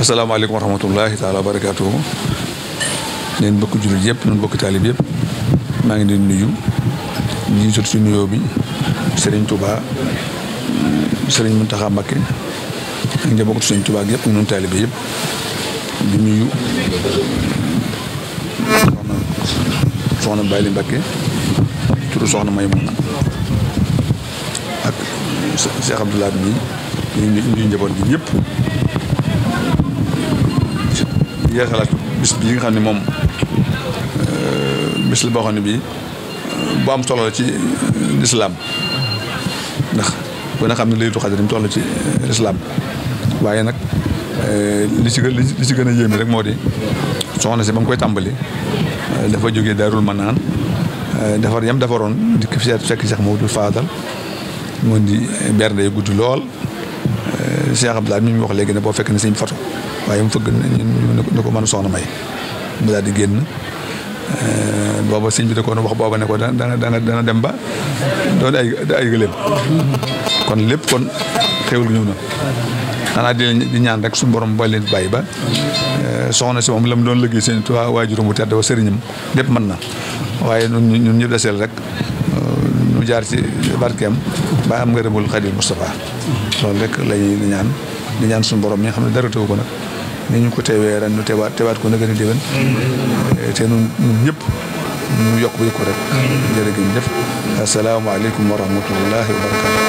asalaamaaleykum wa rahmatullahi taala wa barakaatuhu leen bokk jullit yëpp ñun bokk taalib yëpp maa ngi leen nuyu ñu jot si nuyoo bi Serigne Touba Serigne Mountakha Mbacké ak njabootu Serigne Touba yëpp ak ñun taalib yëpp nuyu soxna soxna Bayli Mbacké turu soxna Maymuna bi ñu nuyu njaboot bi ñëpp. yeesalaat bis bi nga xam ne moom euh, bis la boo xam ne bii euh, bu am solo la ci euh, lislaam ndax bu na xam ne laylatul xadr ni mu toll ci lislaam waaye nag li ci gën li ci gën a yéeme rek moo di soxna si ba mu koy tàmbali dafa jógee Daarul naan defar yam defaroon di ko seet fekk Cheikh Maodo Fadal mu di bernde yu gudd lool Cheikh Abdoulaye mi ñu wax léegi ne boo fekk ne sëñ foto waaye mu fëgg ne ko man soxna may mu daal di génn eh, booba sëñ bi da ko wax booba ne ko dana dana dana dem ba doon ay ay gëléem kon lépp kon xéwal gi ñëw na xanaa di ñaan rek suñu borom booy leen bàyyi ba eh, soxna si moom la mu doon liggéey seen tuwaa waajuram bu tedd wa sëriñam lépp mën na waaye ñun ñëpp deseel rek eh, ñu jaar ci barkeem ba am nga demul Xadim Moustapha loolu rek lañuy ñaan di ñaan suñu borom mi nga xam ne dara tëwu ko nag ni ñu ko teewee ren ñu teewaat teewaat ko na gën a déwén mm-hmm. te nun ñëpp ñu yokk bu ko rek jërë ngeen jëf asalaamaaleykum wa rahmatullahi wa barakatu